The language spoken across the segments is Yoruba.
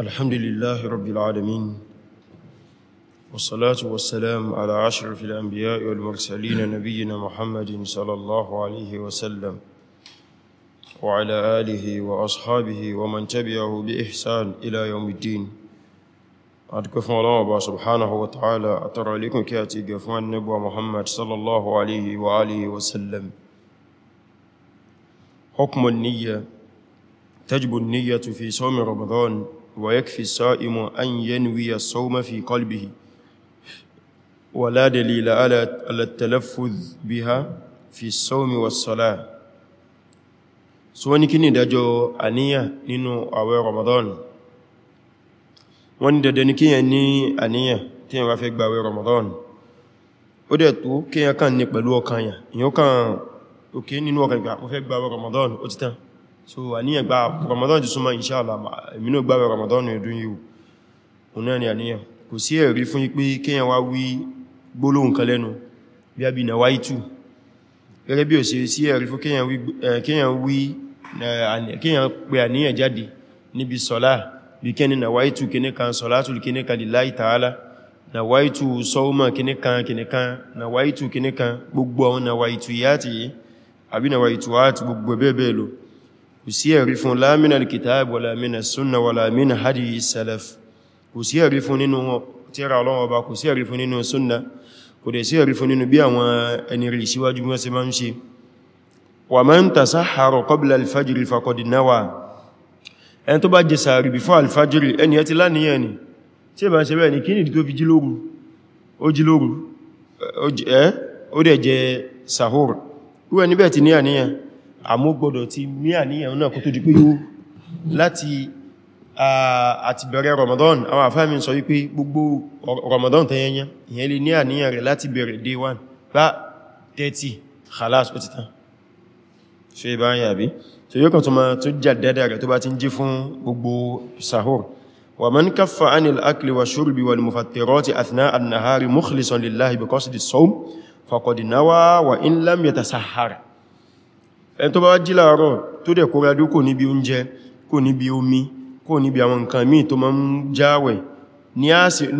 الحمد لله رب العالمين والصلاة والسلام على أشرف الأنبياء والمرسلين نبينا محمد صلى الله عليه وسلم وعلى آله وأصحابه ومن تبعه بإحسان إلى يوم الدين أتكفى الله سبحانه وتعالى أترى لكم كاتي قفوان نبوة محمد صلى الله عليه وآله وسلم حكم النية تجب النية في صوم رمضان ويكفي الصائم أن ينوي الصوم في قلبه ولا دليل على التلفظ بها في الصوم والصلاة so wọ́n ní kí ni ìdájọ́ àníyàn nínú àwẹ̀ Ramadan wọ́n ní dandan ní kíyàn ní àníyàn tí yàn wá fẹ́ gba àwẹ̀ Ramadan ó dẹ̀ tó kíyàn kàn ní pẹ̀lú ọkàn yàn ìyàn kàn òkè nínú ọkàn ìgbà mo Ramadan ó so àníyàn gba Ramadan jù súnmọ́ inshallah èmi náà gbáwẹ̀ Ramadan ẹ̀dùn yíò òun ni àníyàn kò sí ẹ̀rí fún yí pé kíyàn wá wí gbólóhùn kan lẹ́nu bí a na wáyí tù gẹ́gẹ́ bí ò sí sí ẹ̀rí fún kíyàn wí kíyàn pé àníyàn jáde níbi na wáyí tù kíní kan sọ́lá tù kíní kan lillahi na wáyí tù sọ́ọ́mọ̀ kíní kan kíní kan na wáyí tù kíní kan gbogbo àwọn na wáyí tù yá ti yìí àbí na wáyí tù wá ti gbogbo bẹ́ẹ̀ bẹ́ẹ̀ lọ kò sí ẹ̀rí fún láàmìnà alkitab wà láàmìnà súnnà wà láàmìnà hadi salaf kò sí ẹ̀rí fún nínú tírà Ọlọ́run Ọba kò sí ẹ̀rí fún nínú súnnà kò dẹ̀ sí ẹ̀rí fún nínú bí àwọn ẹni rí síwájú bí wọ́n ṣe máa ń ṣe wa man tasahhara qabla alfajiri faqad nawa ẹni tó bá jẹ sàárì before alfajiri ẹni àmọ́ gbọ́dọ̀ ti ní àníyàn náà kó tó di pé yóò láti àti bẹ̀rẹ̀ Ramadan àwọn àfáàmì sọ wípé gbogbo Ramadan tẹ́yẹnyẹ ìyẹn lè ní àníyàn rẹ̀ láti bẹ̀rẹ̀ day one bá 30 khalas ó ti tán ṣe bá ń yàbí so yóò kàn tó máa tó jà dáadáa rẹ̀ tó bá ti ń jí wa in lam yatasahhar ẹn tó bá jí láàárọ̀ tó dẹ̀ kó rádú kò níbi oúnjẹ kò níbi omi kò níbi àwọn nǹkan míì tó máa ń jáwẹ̀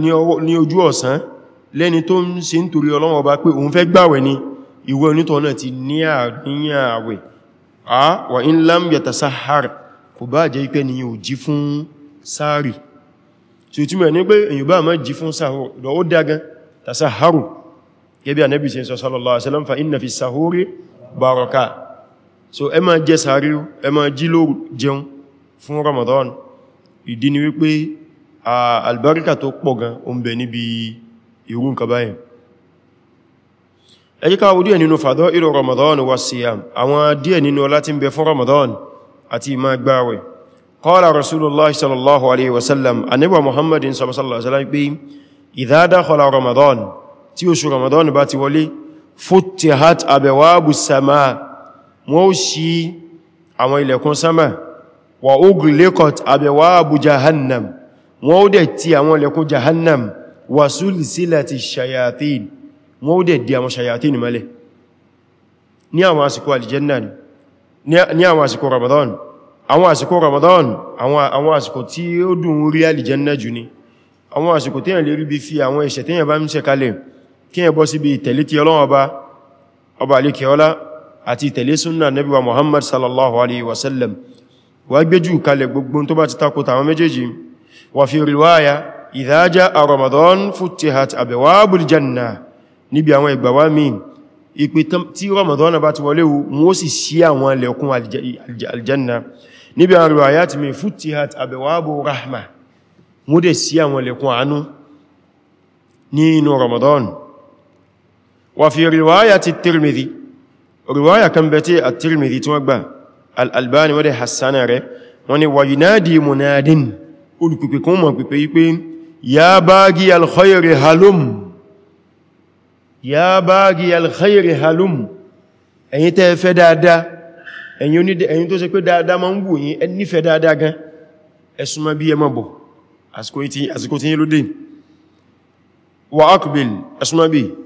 ní ojú ọ̀sán lẹ́ni tó ń ṣe ń torí Ọlọ́run Ọba pé òun fẹ́ gbàwẹ̀ ni ìwé onítọ̀ náà ti ní àníyàn a wà in lam yatasahhar kò bá jẹ́ ipẹ́ ni yóò jí fún sáàrì so tí mẹ́ ní pé èyàn bá sallallahu alaihi wasallam fa inna fi sahuri baraka so ẹ máa jẹ sàárì ẹ máa jí lóru jẹun fún Ramadan ìdí ni wípé albarika tó pọ̀ gan o ń bẹ níbi irú nǹkan báyìí ẹ jẹ́ ká wo díẹ̀ nínú fadailu Ramadan wa siyam àwọn díẹ̀ nínú ọlá tí ń bẹ fún Ramadan àti ìmá gbáwẹ̀ qala rasulullah sallallahu alaihi wasallam anibu muhammadin sallallahu alaihi wasallam pé idha wọ́n ó ṣí àwọn ilẹ̀kùn sánmà wà ughliqat abwaabu jahannam wọ́n ó dẹ̀ ti àwọn ilẹ̀kùn jahannam wà sulsilati shayatin wọ́n ó dẹ̀ di àwọn shayatin mọ́lẹ̀ ní àwọn àsìkò alìjẹ́nà ní àwọn àsìkò Ramadan àwọn àsìkò Ramadan àwọn àsìkò tí ó dùn rí alìjẹ́nà jù ni àwọn àsìkò tí yàn lè rí bí fi àwọn ẹ̀ṣẹ̀ tí yàn bá ń ṣe kalẹ̀ kí yàn bọ́ sí bí tẹ̀lé ti Ọlọ́run ọba ọba àlékẹ́ àti tẹ̀lé súnnà nabi wa muhammad sallallahu alaihi wasallam wà gbéjù kalẹ̀ gbogbo tó bá ti takò tàwọn méjèèjì wà fi riwaya ìdájá a ramadan futihat abewabul janna níbi àwọn ìgbàwà míì ìpé tí ramadan bá ti wọlé wọ́n sì ṣí àwọn lẹ́kún aljanna níbi àwọn riwaya ti mai futihat abewabu rahma riwaya kan bẹ̀ tí at-Tirmidhi tí wọ́n gbà al-Albani wọ́n dẹ̀ hassana rẹ̀ wọ́n ni wàyínádì munadin olùpìpì kún mọ̀ pìpì wípé ya baghi al-khayri halum ya baghi al-khayri halum ẹ̀yin tẹ́ fẹ́ dáadáa ẹ̀yin tó ṣe pé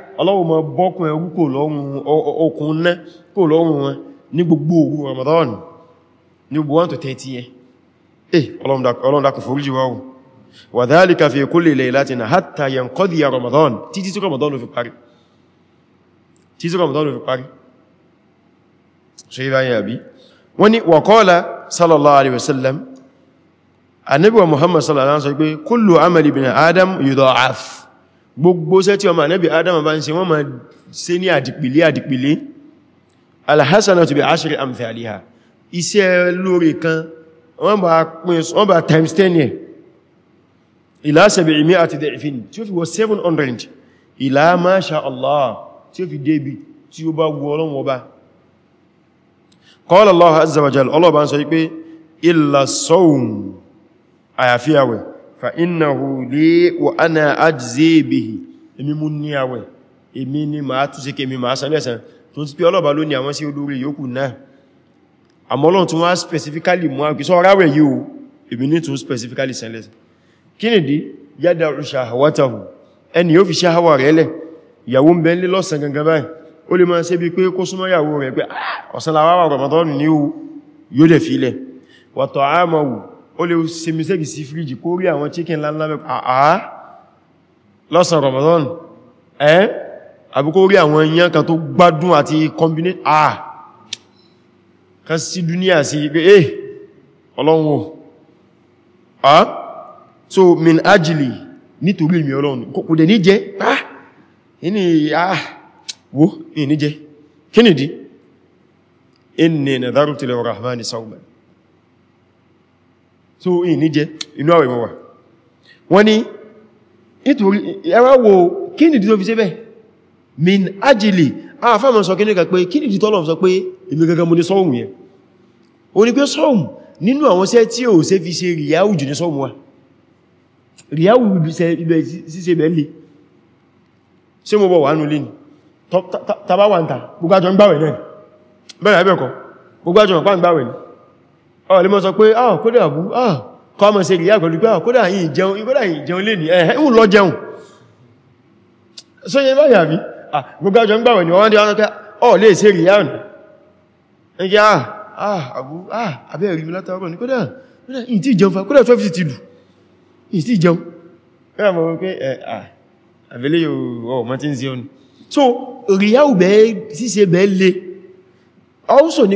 Ọlọ́run ma bọ́kùn ẹrú kò lọ́rùn okùn ná kò lọ́rùn wọn ní gbogbo òru Ramadan ní gbogbo wọn tó tẹ́tí ẹ eh Ọlọ́run dákùn foríjì wá wa dhalika fi kulli laylatin hatta yanqadi Ramadan títí tí Ramadan fi parí títí Ramadan fi parí ṣe ìbáyẹ̀ àbí wọ́n ni wa qala sallallahu alaihi wasallam annabi wa Muhammad sallallahu alaihi wasallam kullu amali bin Adam yudha'af gbogbo ṣẹ́ tí ọmọ ànábì adam bá ń ṣe wọ́n ma ṣe ní àdìpìlé àdìpìlé alhassanatu bi ashri amthaliha iṣẹ́ lórí kan wọ́n bá pín wọ́n bá times 10 yẹ ila sab'imi àti da'ifin tí ó fi wọ 700 ila ma Allah tí ó fi débi tí ó bá wù Ọlọ́run bá fa innahu li wa ana ajzi bihi èmi mú ní àwẹ̀ èmi ni màá tún ṣe kèmi màá san lẹ́san tó ti pé ọlọ́ba ló ní àwọn sí olórí yòókù náà àmọ́ Ọlọ́run tún wá specifically mú àgbẹ̀ sọ ráwẹ̀ yìí o èmi ní tún specifically san lẹ́san kí ni dí yádà ṣàhàwátàhù ẹni yóò fi ṣàhàwà rẹ̀ lẹ̀ ìyàwó ń bẹ nílé lọ́sàn gangan báyìí ó lè máa ṣe bí pé kó súnmọ́ ìyàwó rẹ̀ pé ah, ọ̀sán làwárà Ramadan ni yóò dẹ̀ fi lẹ̀ wàtọ̀ àmàwù ó lè ṣe mistake sí fríjì kó rí àwọn chicken lánlá mẹ́kù àá ah, ah. lọ́sàn Ramadan ẹ́ àbí kó rí àwọn èèyàn kan tó gbádùn àti combine àà ah. kan sí dúníà sí pé eh ọlọ́run à so min ajili nítorí mi ọlọ́run kò dẹ̀ ní jẹ́ ah ní ah wo ní jẹ́ kí nìdí inni nadhartu lir rahmani sawman so in ní jẹ inú àwẹ̀ mọ́wà wọ́n ni nítorí ẹwà wo kí nìdí tó fi ṣe bẹ́ẹ̀ min ajili àfáàmọ̀ sọ kí nìkà pé kí nìdí tọ́lọ̀ sọ pé èmi gẹ́gẹ́ mo ní sọ́ọ̀mù yẹn o ni pé sọ́ọ̀mù nínú àwọn iṣẹ́ tí ò ṣe fi ṣe ríyáwù jù ní sọ́ọ̀mù wa ríyáwù ibẹ̀ ṣíṣe bẹ̀ lè ṣe mo bọ̀ wà nù lẹ́ni tàbá wà ń ta gbogbo àjọ ń gbàwẹ̀ ọ̀lẹ́ ah, mọ́ sọ pé ah kódà bú ah kọmọ̀ sí ìyá pẹ̀lú pé ah kódà yìí jẹun kódà yìí jẹun lè ní eh, ẹ̀ẹ́ ń lọ jẹun sóyẹ báyìí ah gbogbo àjọ ń gbàwẹ̀ ni wọ́n dé wọ́n kẹ́ ah, ọ̀ lè sí ìyá nù ah ah ah abẹ́ rí mi látàrọ̀ ní kódà kódà yìí tí jẹun fa kódà 12 ti dù yìí eh, ah àbẹ́lẹ́ yóò mọ́ tí ń se ọ ni so ríyáwù bẹ́ẹ̀ síse also ni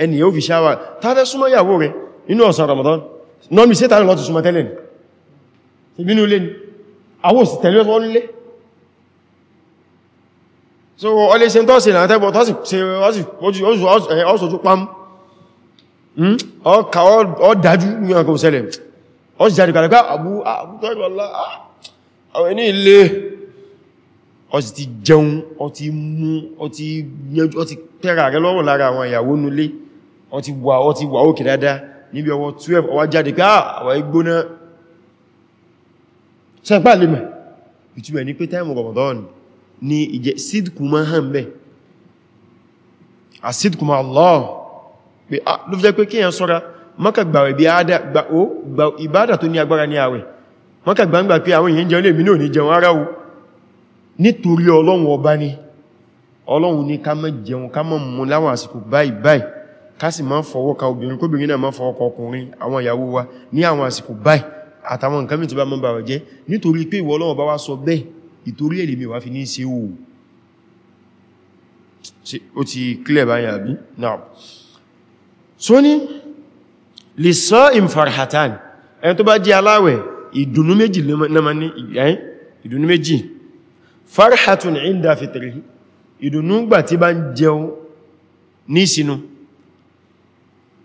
ẹni yóò fi ṣáwà tàbẹ́ súnmọ́ ìyàwó rẹ̀ inú ọ̀sán Ramadan nọ́mí sí tàbí lọ́tí súnmọ́ tẹ́lẹ̀ ní ìbínú ilé ni àwọ́ sí tẹ̀lé wọ́n lé so ọlé se tọ́sí náà tẹ́gbọ́ tọ́sí se ọ́sọ̀jú pam ọkà ọdájú ní ọkọ̀ sẹ́lẹ̀ ọ́sì jáde kàrẹ́kà àbú ah! àwọn ẹni ilé ọ̀sì ti jẹun ọti mú ọti pẹ́ra rẹ lọ́rùn lára àwọn ìyàwó nulé wọ́n ti wà ó ti wà òkè dáadáa níbi ọwọ́ 12 ọwá jáde pé àwà ah! igbóná ṣẹ́pàá lè mẹ́ ìtumẹ̀ ní pé táìmù Ramadan ni ìjẹ́ sídkùmá hàn mẹ́ àsídkùmá Allah pé ah! ló fi jẹ́ pé kíyàn sọ́ra mọ́kàgbàwẹ̀ bí ìbádà tó ní agbára ní àwẹ̀ mọ́kàgbàgbà pé àwọn èèyàn jẹun lè mí náà ní jẹun ara o ni ọlọ́run ní ká má jẹun ká má mú láwọn àsìkò báyìí kásì máa fọwọ́ ka obìnrin kóbìnrin náà máa fọwọ́ kọkùnrin àwọn ìyàwó wa ní àwọn àsìkò báyìí àtàwọn nǹkan mìí tí bá mọ́ bàwà jẹ́ nítorí pé ìwọ Ọlọ́run bá wá sọ bẹ́ẹ̀ ìtorí èlè mi wá fi ní ṣe òwò ó ti clear báyìí àbí now so ní lè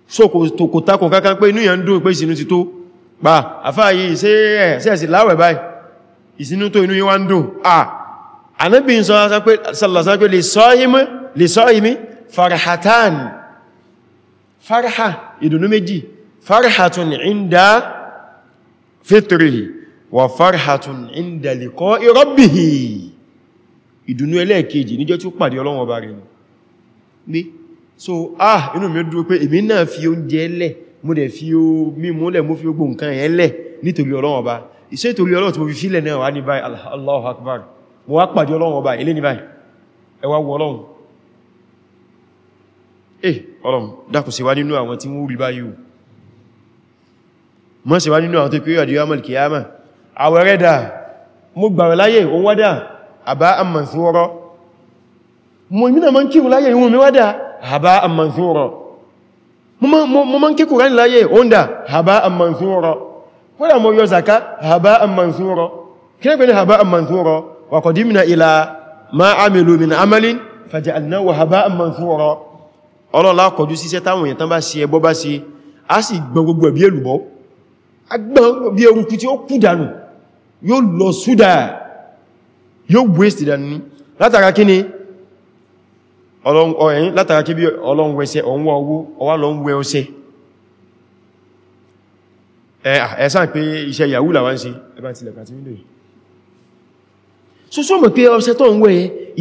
so kò takò kankan pé inú yẹn dùn pé ìsinú ti tó pa àfáàyí ìsẹ́ẹ̀sì láwẹ̀ báyìí ìsinú tó inú yẹn wá ń dùn à anábì ń sọ́lọ́sá pé lè sọ ìmí farhatan farha ìdùnnú méjì farhatun inda fitrihi wa farhatun inda liqa'i rabbihi ìdùnnú ẹlẹ́ẹ̀kejì níjọ́ tí ó pàdé Ọlọ́run ọba rẹ̀ so ah inú mi dúró pé èmi náà fi oúnjẹ lẹ̀ mo dẹ̀ fi o mímú lẹ̀ mo fi gbogbo nǹkan yẹn lẹ̀ nítorí Ọlọ́run ọba iṣẹ́ mo fi sílẹ̀ náà wá ní báyìí Akbar mo wá pàdé Ọlọ́run ọba ilé ní báyìí ẹ eh Ọlọ́run dákun ṣe wá nínú àwọn tí wọ́n rí báyìí mọ́ ṣe wá nínú àwọn tó pé ọdí yamal kiyama àwẹ̀ rẹ̀ dà mo gbàwẹ̀ láyé òun wádà àbá àmà sí wọ́rọ́ mo ìmìnà mọ́ kírù láyé ìwọ̀n mi wádà haba'an manthura mo mọ́ ń kí kùrán láyé oúnjẹ haba'an manthura kódà mo yọ zaka haba'an manthura kí ní pẹ̀lú haba'an manthura wa qadimna ila ma amilu min amalin faja'alnahu haba'an manthura ọlọ́lá kọjú sí sẹ́tàwọn èèyàn tán bá sí ẹbọ bá sí a sì yóò lọ súdà yóò waste dànù látara kí ni ọ̀yìn látara kí bí ọlọ́nwẹsẹ ọ̀nwọ́ owó ọwá lọ ń wẹ ọsẹ ẹ̀sàn pé iṣẹ́ yahoo làwọn ṣe ẹbá ti lẹ̀kà tí wíndò yìí so so mọ̀ pé ọsẹ tó ń wẹ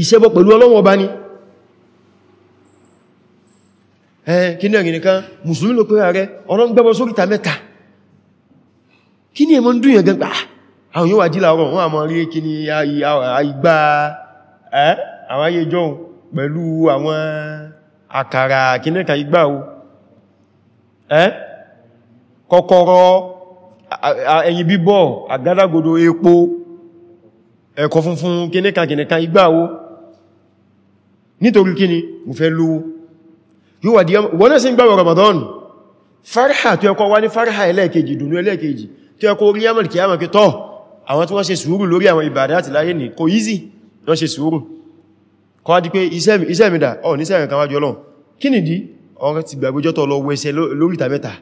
ìṣẹ́bọ pẹ̀lú Ọlọ́run Ọba ni kíní ẹ̀rìn nìkan mùsùlùmí ló pé ààrẹ ọ̀rọ̀ ń gbẹ́bọ sóríta mẹ́ta àwọn ayé jọun pẹ̀lú àwọn àkàrà kìnnìkà igbá o ẹ́ kọ́kọ́rọ́ ẹ̀yìn bíbọ̀ àgádágodo epo ẹ̀kọ́ funfun kìnnìkà kìnnìkà igbá o nítorí kíni mo fẹ́ lówó yíwa di wọ́n náà sí ń gbàwọ̀ Ramadan farha tó ẹkọ́ wá ní farha ẹlẹ́ẹ̀kejì dùnú ẹlẹ́ẹ̀kejì tó ẹkọ́ orí yamal kìyàmà kìtọ́ àwọn tí wọ́n ṣe sùúrù lórí àwọn ìbàdá àti ní kò easy wọ́n ṣe sùúrù kọ́ di pé iṣẹ́ mi dà ọ̀ ní sẹ́rìn kan wájú ọlọ́run kí ni dí ọ̀rẹ́ ti gbàgbéjọ́ tó lọ wẹ́ṣẹ́ lórí tàbẹ́ta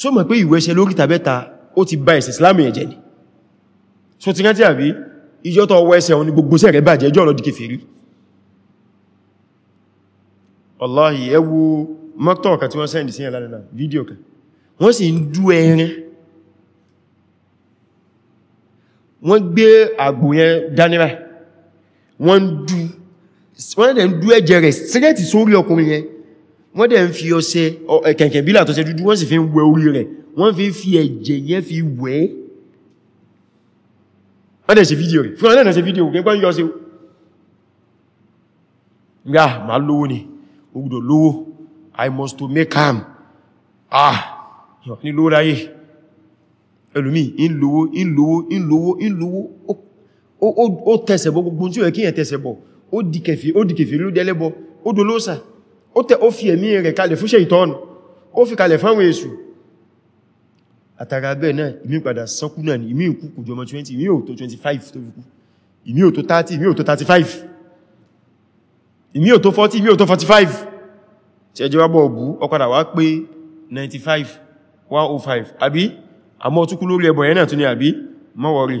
so mọ̀ pé ìwẹ́ṣẹ́ lórí tàbẹ́ta ó ti bà ẹ̀sẹ̀ Islam yẹn ni so ti rántí àbí ìjọ́ tó wẹ́ṣẹ́ òun ni gbogbo sẹ́rẹ̀ bàjẹ́ jọ́ lọ́dí kèfèrí Allahi ẹ wo mọ́tọ̀ kan tí wọ́n sẹ́ndì sí ẹ̀ lánàá fídíò kan wọ́n wọ́n dẹ̀ ń dú ẹ̀jẹ̀ rẹ̀ sẹ́gẹ̀tì sórí ọkùnrin yẹn wọ́n dẹ̀ ń fi ọṣẹ kẹ̀kẹ̀ bílà tọ́ṣẹ dúdú wọ́n sì fi ń wẹ orí rẹ̀ wọ́n fi ń fi ẹ̀jẹ̀ yẹn fi wẹ́ wọ́n dẹ̀ ṣe fídíò rẹ̀ fún ọ̀nà ṣe fídíò rẹ̀ gbọ́n yọ́ sí gbá ma lówó ni ogudò lówó I must to make am ah ní lówó láyé ẹlùmí ìlówó ó tẹsẹ̀bọ̀ gbogbo tí ó yẹ kí yẹn tẹsẹ̀bọ̀ ó di kèfèrí ó di kèfèrí ló dẹ́lẹ́bọ̀ ó dolóòsà ó fi ẹ̀mí rẹ̀ kalẹ̀ fún Ṣáítánì ó fi kalẹ̀ fáwọn èṣù àtàrà bẹ́ẹ̀ náà ìmí padà sọ́kú náà ni ìmí ìkú kò jọmọ 20 ìmí ò tó 25 tó fi kú ìmí ò tó 30 ìmí ò tó 35 ìmí ò tó 40 ìmí ò tó 45 tí ẹjọ́ wá bọ̀ ọ̀bú ọkọ̀dà wá pé 95 105 àbí àmọ́ ọtúkú lórí ẹbọ̀ yẹn náà tún ní àbí mọ́wọ̀rí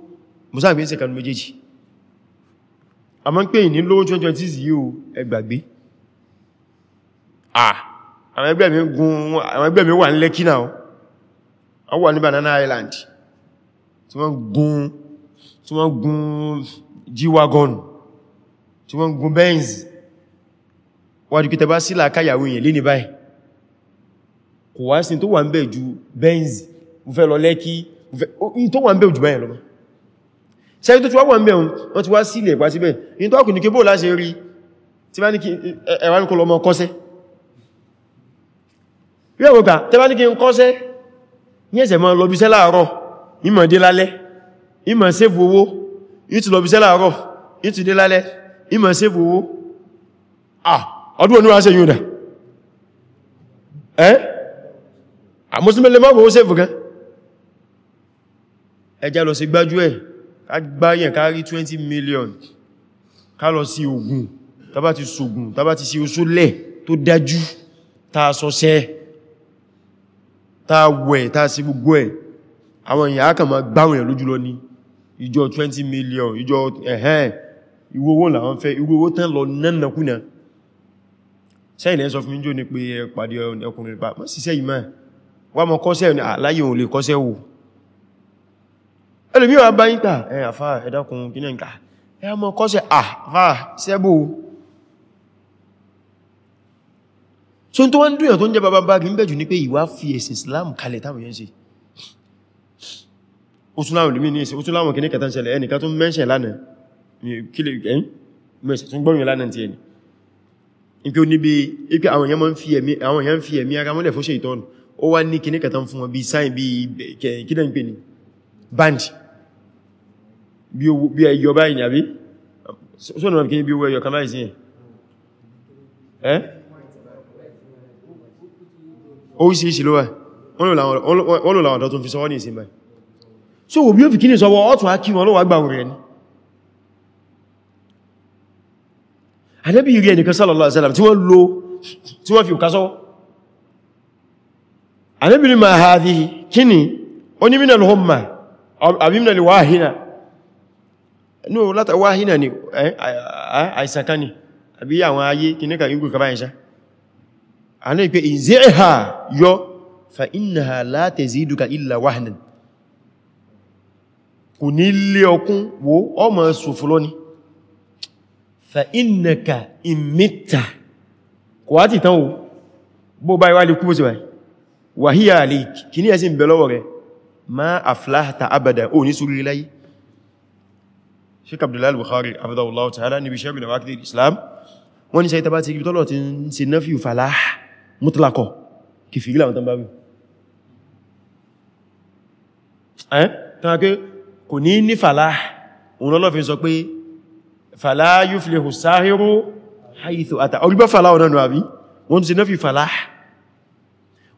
musáàgbé ṣe kanu méjèèjì a ma ń pè ní lówó 2026 yíò ẹgbàgbé ah àwọn ẹgbẹ́ mi wà ní Lẹ́kí náà wọ́n wà ni Banana Island tí wọ́n gún tí wọ́n gún g-wagon tí wọ́n gún Benz wà dùkítẹ̀ bá sílà káyàwó èèyàn lé ní báyìí kò wá sí tó wà ń bẹ̀ ju Benz mo fẹ́ lọ Lẹ́kí tó wà ń bẹ̀ ju báyìí lọ́mọ́ ṣe tó ti wá wọ́n mẹ́un wọ́n ti wá sílẹ̀ ìpá síbẹ̀ ní tó ọkùnrin kébò láṣẹ rí tí bá ní kí ẹ̀wà ní kó lọ mọ́ kọ́sẹ́ rí ẹ̀wọ̀gbà tẹ́ bá ní kí n kọ́sẹ́ ní ẹ̀sẹ̀ mọ́ lọ́bíṣẹ́ láàárọ̀ ìmọ̀ dé ah ọdún onúra ṣe yúndà ẹ́ àmúsùmẹ́lẹ́mọ́ owó sẹ́fù gan ẹjá lọ sí gbájú ẹ̀ agbáyẹ̀ ká rí 20 million ká sí ogun tàbá ti ṣògùn tàbá ti sí oṣó lẹ̀ tó dájú ta sọ́sẹ́ ta wẹ̀ ta sí gbogbo ẹ̀ àwọn èèyàn á kàn máa gbáwọn èèyàn lójúlọ ní ìjọ 20 million ìjọ ẹ̀hẹ́n ìwọ owó làwọn fẹ́ ìwọ owó tán lọ nánàkúnà sẹ́yìn ẹ́ sọ fún mi jò ní pé ẹ pàdé ọkùnrin pa mọ́ sí sẹ́yìn máa wà mọ́ kọ́sẹ́ àláyé òun lè kọ́sẹ́ wò ẹlòmí wà bá yípa ẹ àfá ẹ̀dàkùn kí náà ẹ mọ́ kọ́sẹ̀ àfá sẹ́bù so tó wọ́n dúyàn tó ń jẹ bàbá bá gín bẹ̀jù ní pé ìwà fi ẹ̀sìn Islam kalẹ̀ táwọn yẹn ṣe ó tún láwọn lèmí ní ẹ̀sìn ó tún láwọn kìníkà tán ṣẹlẹ̀ ẹnìkan tó mẹ́ṣẹ̀ lánàá kílẹ̀ ẹ̀yìn mẹ́ṣẹ̀ bí ẹyọ báyìí ní àbí ṣọ́nà ọmọ kìí bí owó ẹyọ kan báyìí sí ẹ̀ oríṣìíṣìí ló wà wọ́n lò láwọn tó tún fi sọwọ́ ní ìsin báyìí so òbí ó fi kíní sọwọ́ ọ̀tún á kí wọn ló wà gbà orí ẹni àdẹ́bí rí ẹnìkan sallallahu alaihi wasallam tí wọ́n lo tí wọ́n fi òkà sọwọ́ àdẹ́bí rí ma ha dí kíní onímìnà lọ́hùn ma àbí mìnà lè wáhìnà no láti wá hínà ni àìsàn kan ni àbí àwọn ayé kìníkà yínkù kaba ìṣá a ní pé ìzẹ́ẹ̀hà yọ fa innaha la taziduka illa wahnan kò ní lé ọkún wo ọmọ sòfò lọ fa innaka imita kò wá ti tán o bó bá ìwá lè kú sí wa hiya alik kìní ẹ̀sìn bẹ̀lọ́wọ̀ rẹ̀ ma aflahta abada o ní sórí láyé sheik abdullahi bukhari afidahullahu ta'ala níbi sharhul nawaqidil islam wọ́n ni sẹ́yí tàbá ti ibi tọ́lọ̀ ti ń ṣe nafiyu falah mutlaqo kì fi gílà wọ́n báwí ẹ́ tàbí pé kò ní ní falah òun lọ́lọ́fin sọ pé fala yuflihu sáhírú haythu ata orígbá falah ọ̀nà àbí wọ́n ti ṣe nafiyu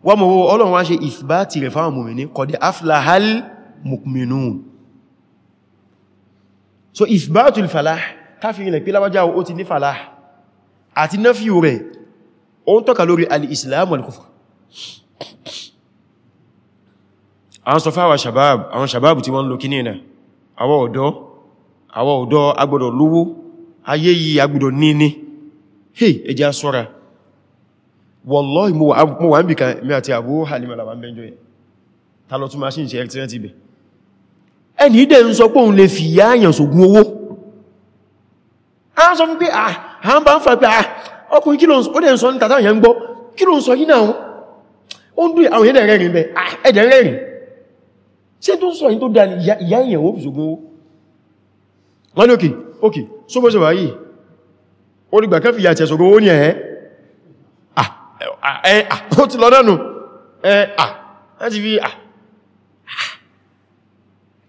wọ́n mọ̀ ọlọ́run wá ṣe ìfìbá tirẹ̀ fáwọn mùmìnì qad aflahal mu'minun so if isbatul falah káfí ilẹ̀ pé lábájá ó ti ní falah àti náfíù rẹ̀ ó ń tọ́ka lórí al-islam wal-kufr àwọn sọ fáwà shabab an shabab tí wọ́n lò na awo àwọn awo àwọn agbodo agbọ́dọ̀ lówó ayé yìí agbọ́dọ̀ níní hey ẹjá sọ́ra wallahi mo wà ń bìkan mẹ́ àti àbúrò halimala wà ń bẹ́jọ́ yẹ ta lọ tún máa ṣe ìṣẹ́ ẹ̀tẹ́rẹ́ ti bẹ̀ ẹni ìdẹ̀ ń sọ pé òun lè fi ìyá àyàn sògùn owó a ń sọ fún pé ah, à ń bá ń fà pé à ah, ọkùnrin kí ló ń sọ ní tàtà ìyẹn gbọ́ kí ló ń sọ yí náà ó ń dùn àwọn ẹ̀dẹ̀ rẹ̀rìn bẹ́ ah, ẹ̀dẹ̀ rẹ̀rìn ṣe tó ń sọ yí tó dá ìyá ìyẹn ó fi sògùn owó wọ́n ní òkè òkè só bó ṣe wà yìí ó dìgbà kan fi ìyà tẹ̀ sògùn owó ní ẹ̀ẹ́ ó ti lọ dánù ẹ̀ẹ́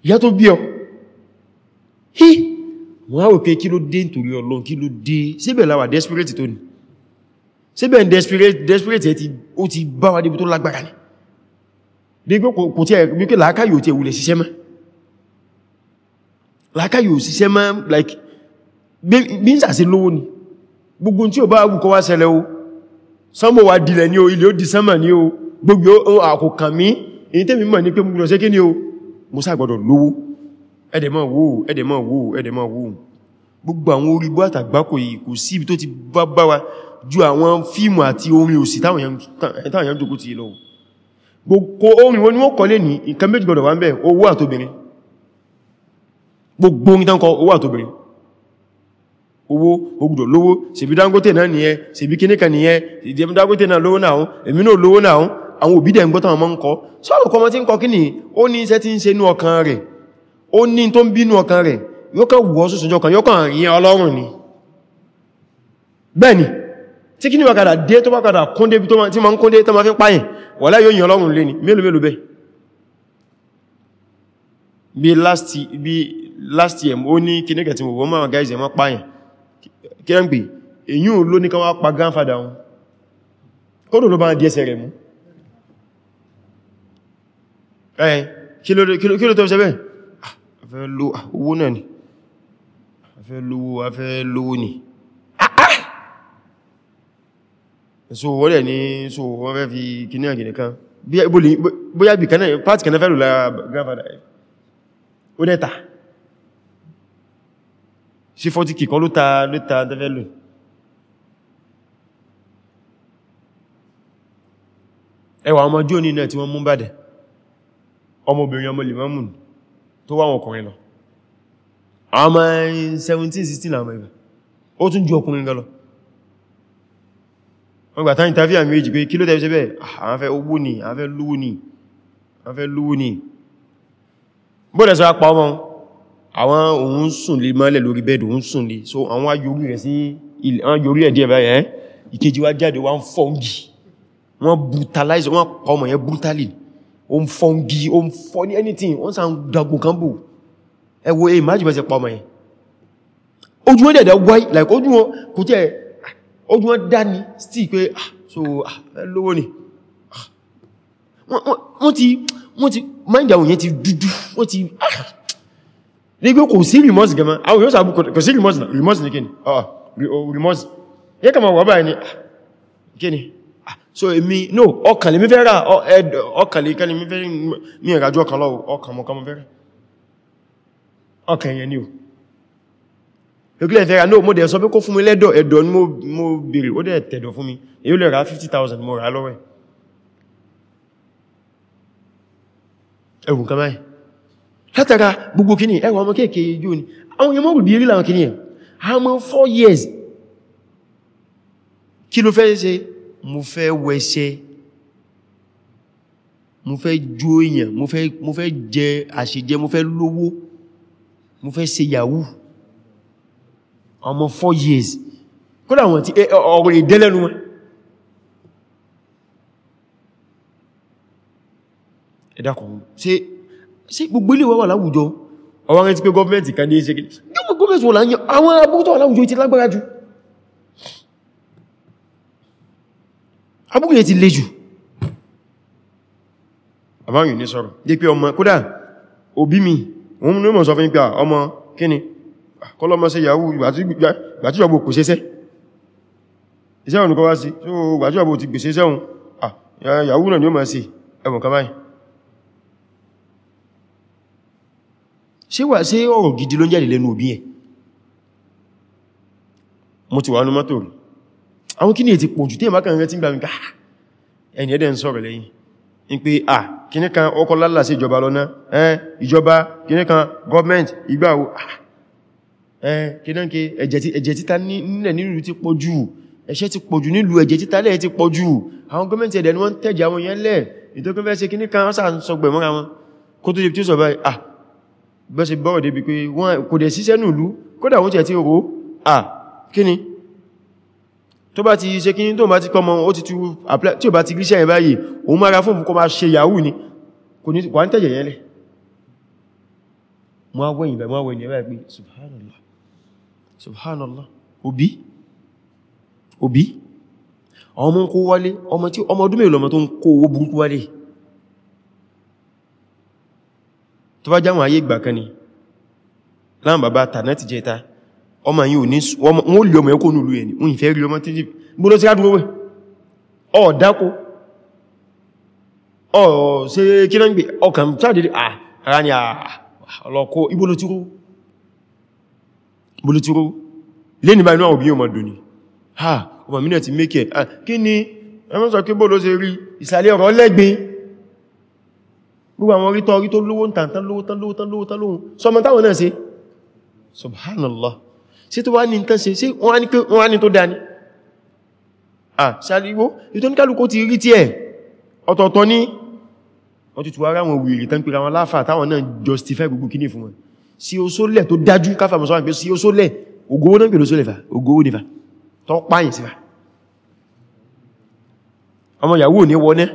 ìyá tó bí ọ hí wọ́n á wò pé kí ló dé nítorí Ọlọ́run kí ló dé síbẹ̀ láwà desperate tó ní síbẹ̀ desperate ẹ̀ ti bá wa débi tó lágbára ní bí kò tí ẹ̀ wípé làákàyò tí ẹ̀wùlẹ̀ ṣiṣẹ́ mọ́ làákàyò ṣiṣẹ́ mọ́ like bí ń sàṣe lówó ni gbogbo tí ò bá agùnkọ wá ṣẹlẹ̀ o sánmọ̀ wà dìlẹ̀ ní o ilẹ̀ ó di sánmà ní o gbogbo àkókàn mí èyí tẹ́mi mọ̀ ní pé mo gbọ́dọ̀ ṣe kí ni o musa gbọdọ̀ lówó ẹdẹ̀mọ̀ wó ẹdẹ̀mọ̀ wó ẹdẹ̀mọ̀ wó gbogbo àwọn orí bó àtàgbákò yìí kò sí ibi tó ti bá bá wa ju àwọn fíìmù àti orin òsì táwọn èèyàn jòkó ti lọ gbogbo orin wọn ni wọ́n kọ́ lé ní owó àtobìnrin lówó ṣebí Dangote náà nìyẹn ṣebí kíníkà nìyẹn ìdí Dangote náà lówó náà èmi náà lówó náà àwọn òbí dẹ̀ ń gbọ́tàn ọmọ ń kọ́ sọ́rọ̀ kọmọ tí ń kọ kíni ó ní iṣẹ́ tí ń ṣe nú ọkàn rẹ̀ ó ní tó ń bínú ọkàn rẹ̀ yóò wọ́ sọ́sọ́jọ́ kan yóò kàn ọlọ́run ni bẹ́ẹ̀ni tí kí ní wákàdà dé tó wákàdà kúndé bí tí ma ń kúndé tó ma fi páyìn wà láyé òyìn ọlọ́run lé ní mélòó mélòó bẹ́ bí last year ó ní kí nígbà tí mo wọ́n máa gáìsì ẹ̀mọ́ páyìn kí ẹ ń pè èyí ò ló ní ká wá pa grandfather wọn kódò ló bá díẹ̀sẹ̀ rẹ̀ mú ẹ̀ kí ló tó ṣe bẹ́ẹ̀ afẹ́ lo owó náà ni afẹ́ lówó afẹ́ lówó ni ah, ah! so wọ́n rẹ̀ ní so wọ́n fẹ́ fi kìnnì àgìnì kan bóyá bí kanáà pàtí kanáà fẹ́ lò lára grandfather ó dẹ́ta sí 40 kìkan ló ta ló ta tẹ́fẹ́ ẹwà ọmọ jóní náà tí wọ́n mú bàdẹ̀ ọmọbìnrin ọmọ limamu tó wá wọn ọkùnrin lọ ọmọ 17-16 àmọ́ ìgbà ó tún ju ọkùnrin lọ wọ́n gbà tán ìtàfíà méjì pé kí ló tẹ́ ṣe bẹ́ẹ̀ ah, àwọn fẹ́ owó ni àwọn fẹ́ apá ọmọ àwọn òun sùn lè mọ́lẹ̀ lórí bẹ́ẹ̀dù òun sùn lè so àwọn ayorí rẹ̀ sí ilẹ̀ àwọn ayorí ẹ̀ díẹ̀ báyẹ̀ ìkejì wá jáde wá ń fọ́ngì wọ́n brutalize wọ́n pa ọmọ yẹn brutally o ń fọ́ ń gi o ń fọ́ ní anything wọ́n sàn dagun kan bù ẹwọ èyí májì bẹ́sẹ̀ pa ọmọ yẹn ojú wọ́n dẹ̀dẹ̀ wáyé like ojú wọn kò tẹ́ ojú wọn dání sí pé ah, so ah, lówó ni ah. wọ́n ti wọ́n ti máìdàwò yẹn ti dúdú wọ́n ti ní pé kò sí remorse gẹ́mọ́ àwọn yóò sàbú kò sí remorse ní kí ni oh, remorse yẹ́ kàmà wà báyìí ni kí ni so èmi no ọkàn lè mi fẹ́ rà ọkàn lè kẹ́ lè mi fẹ́ ní ìrìnàjò ọkàn lọ ọkàn mọ́ kan mọ́ fẹ́ rà ọkàn èyàn ni o ìpínlẹ̀ fẹ́ rà no mo dẹ̀ sọ pé kó fún mi lẹ́dọ̀ ẹ̀dọ̀ ni mo bèèrè ó dẹ̀ tẹ̀dọ̀ fún mi èyí lè rà 50,000 mo rà lọ́wẹ́ ẹ̀wùn kan báyìí látara gbogbo kíní ẹwà ọmọ kéèkéé ijú ni àwọn èèyàn mọ́rù bí rí láwọn kíní ẹ̀ àwọn 4 years kí ló fẹ́ ṣe mo fẹ́ wẹṣẹ́ mo fẹ́ jó èyàn mo fẹ́ jẹ àṣejẹ mo fẹ́ lówó mo fẹ́ ṣe yahoo ọmọ 4 years kódà wọn tí ọ̀rọ̀ ìdẹ́lẹ́nu wọn ẹ̀dàkùn sí gbogbo ilé wọ́wà láwùjọ ọwọ́n rẹ̀ ti pé gọ́ọ̀mẹ́ntì kan ní ṣe gẹ́gẹ́ gọ́ọ̀mẹ́ntì wọ́n láwùjọ àwọn abúrútọ̀ láwùjọ ti lágbára jù abúrú yẹn ti le jù àbáyìn ní sọ̀rọ̀ dé pé ọmọ kódà òbí mi òun ní mọ̀ sọ fún ìpá ah, ọmọ kíni ah, kọlọmọ sí yahoo gbàtíjọ̀bọ̀ kò ṣeṣẹ́ iṣẹ́ òun kọ́ wá sí tó gbàtíjọ̀bọ̀ ti gbèsè sẹ́hun yahoo náà ni ó máa sí ẹwọ̀n kamáyì ṣe wà sí ọ̀rọ̀ gidi ló ń jáde lẹ́nu òbí ẹ̀ mo ti wà nú mọ́tò rí àwọn kíni èti pọ̀jù tí ìmákan rẹ̀ tí ń gbà nípa ah! ẹni ẹ̀dẹ̀ ń sọ̀rọ̀ lẹ́yìn in pé à ah, kíní kan ọkọ̀ lálà sí ìjọba lọ́nà ẹn ìjọba kíní kan gọ́ọ̀mẹ́ntì ìgbàwó ah! ẹn kínáǹkì ẹ̀jẹ̀ títa nílẹ̀ nílùú ti pọ̀jù ẹ̀ṣẹ̀ ti pọ̀jù nílùú ẹ̀jẹ̀ títa lẹ́ẹ̀ ti pọ̀jù àwọn gọ́ọ̀mẹ́ntì ẹ̀dẹ̀ ni wọ́n tẹ̀jì àwọn yẹn lẹ̀ ìtọ́kẹ́fẹ́sẹ̀ kíní ah bẹ́ẹ̀ sì bọ́rọ̀ débi pé wọ́n kò dẹ̀ síṣẹ́ nùlú kódà ah kíni tó bá ti ṣe kíní tó bá ti kọmọ ó ti tú apply tí ó bá ti gríṣẹ́ ẹ̀ báyìí òun mara fún kó máa ṣe yahoo ni kò ní wà ń tẹ̀yẹ̀ yẹn lẹ̀ mọ́ wẹ́yìn bẹ̀ mọ́ wẹ́yìn bẹ̀ subhanallah subhanallah òbí òbí ọmọ kó wálé ọmọ tí ọmọ ọdún mélòó tó ń kó owó burúkú wálé tó bá jáwọn ayé ìgbà kan ọmọ yìí ò ní wọ́n lè ọmọ ẹkùn olú ẹni wọ́n ìfẹ́ rí ọmọ títí gbọ́dọ̀ sí àdúgbò ọ̀ dákó ọ̀ sí kí náà ń gbé ọkàn sáàdìdì ara ni ọlọ́kọ́ ibólótíró lẹ́ni ha ọmọ mi náà ti mẹ́kẹ̀ kí ni ẹmọ́ sọ kí bóòlò ṣe rí ìsàlẹ̀ ọ̀rọ̀ lẹ́gbẹ́ gbogbo àwọn orí tọ́ orí tó lówó tàn tán lówó tán lówó tán lówó tán táwọn náà ṣe subhanallah sí tó wá ní tán sí sí wọ́n wá ní tó dání à ṣàlíwó ìtò ní kálùkó ti rí tí ẹ̀ ọ̀tọ̀ọ̀tọ̀ ní wọ́n ti tù ara wọn wèrè tán pèrà wọn láfà táwọn náà justify gbogbo kíní fún wọn sí o sólẹ̀ tó dájú káfà mọ̀ sọ́wọ́n pé sí o sólẹ̀ ògówó náà pèrò sólẹ̀ fà ògówó nífà tó páyìn sífà ọmọ yàwó ní wọnẹ́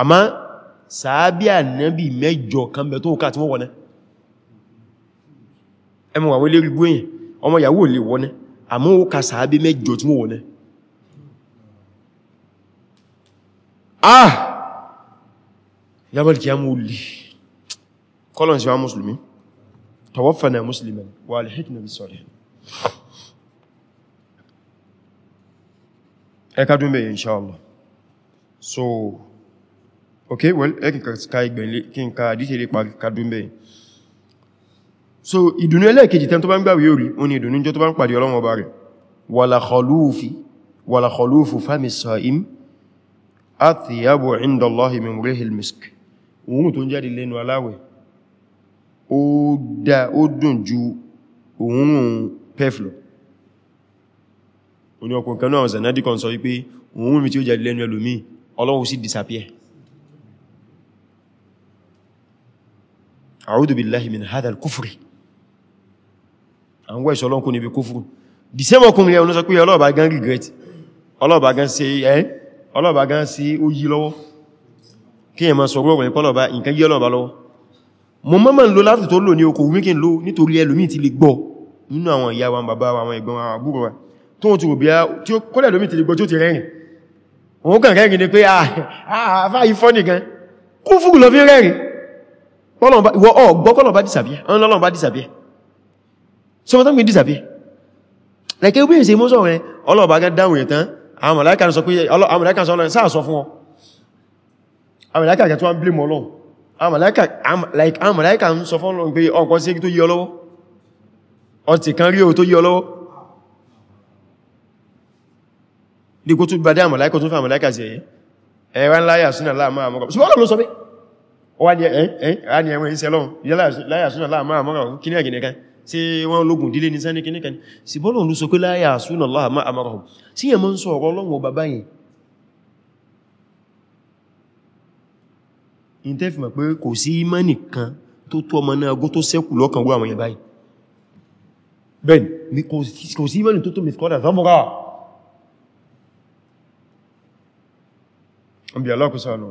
àmá sàábí ànábì mẹ́jọ kan bẹ̀ tó kà tí wọ́n wọnẹ́ ẹmọ àwọn ilé rí gbóyìn ọmọ yàwó lè wọ́nẹ́ àmọ́ ó ka sàábé mẹ́jọ tí wọ́n wọ́nẹ́ ah yàmàlìkì yàmù olè kọlọ̀ sí wa mùsùlùmí tawaffana musliman wa alhiqna bis-salihin ẹka dún bẹ̀yẹ̀ inṣáàlá so okay well ẹkìnkà ká ìgbẹ̀lẹ̀ kí n ká so ìdùnnú ẹlẹ́ẹ̀kejì tẹ́n tó bá ń gbàwé orí o ní ìdùnnú jọ tó bá ń pàdé Ọlọ́run ọba rẹ̀ wala khulufi wala khulufu fami sa'im athiyabu inda Allahi min rihil misk òun tó ń jáde lẹ́nu aláwẹ̀ ó dá ó dùn ju òun pẹ́flọ oní ọkùn kan náà zanadikon sọ wípé àwọn ẹ̀ṣọ́ ọlọ́nkú níbi kúfúrú di same ọkùnrin ẹ̀hùn ló sọ pé ọlọ́ọ̀bá gan regret ọlọ́ọ̀bá gan ṣe ẹ́ ọlọ́ọ̀bá gan sí ó yí lọ́wọ́ kí ẹ ma sọ rọrùn ìpọ́ ọlọ́ọ̀bá nǹkan yí ọlọ́ọ̀bá lọ́wọ́ mo mọ́mọ̀ ló láti tó lò ní okò wíkín ló nítorí ẹlòmí ti lè gbọ́ nínú àwọn ìyá wa bàbá wa àwọn ẹ̀gbọ́n wa àbúrò wa tó ti rò bí á tí ó kọ́lẹ̀ lómi ti lè gbọ́ tí ó ti rẹ́rìn òun dìsàbíẹ́ so wọ́n tán gbé disappear like ewé ìṣe mọ́ sọ̀rọ̀ ọlọ́ọ̀bá gẹ́ dáhùn ẹ̀ tán àwọn mọ̀láíkà sọ pé àwọn mọ̀láíkà sọ ọlọ́rin sáà sọ fún wọn àwọn mọ̀láíkà kẹ́ tó wọ́n blame Ọlọ́run àwọn mọ̀láíkà ń sọ fún Ọlọ́run pé ọkọ̀ sí tó yí ọlọ́wọ́ ọtí kan rí o tó yí ọlọ́wọ́ ní kó tún gbádá àwọn mọ̀láíkà tún fún àwọn mọ̀láíkà sí ẹ̀yẹ ẹ̀rọ ńláyà súnà láàmà àmọ́gọ̀ ṣùgbọ́n Ọlọ́run ló sọ pé ó wá ní ẹ̀wọ̀n ìṣẹ́lọ́run láyà súnà láàmà àmọ́gọ̀ kí ní ẹ̀gìnẹ̀kan sí wọ́n lógun dílé ní sẹ́ni kìníkan sí bọ́lọ̀ ló sọ pé láyà súnà Allah ma amarahum sí yẹ mọ́ ń sọ ọ̀rọ̀ ọlọ́run ọba báyìí in tẹ́ fi mọ̀ pé kò sí imani kan tó tó ọmọ náà gó tó sẹ́kù lọ́kàn wọ́n àwọn yẹ báyìí bẹ́ẹ̀ kò sí imani tó tó mìfkọ́dà zamura ọbí alákùsànù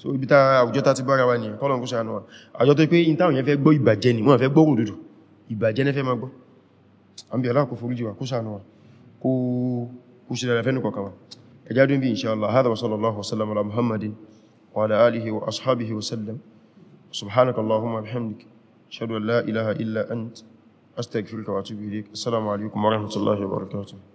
so ibi ta àwùjọ ta ti bára wa ní kọ́lọ̀ kùsànù àjọ tó pé in táwọn yẹn fẹ́ gbọ́ ìbàjẹ́ ni wọ́n ìbàjẹ́ nẹ́fẹ́ ma gbọ́ àbí Allah kò foríjì wa kó ṣàánú wa kó ṣe dára fẹ́nu kọ̀kan wa ẹjá dún bí insha Allah hadha wa sallallahu wa sallam ala muhammadin wa ala alihi wa ashabihi wa sallam subhanaka allahumma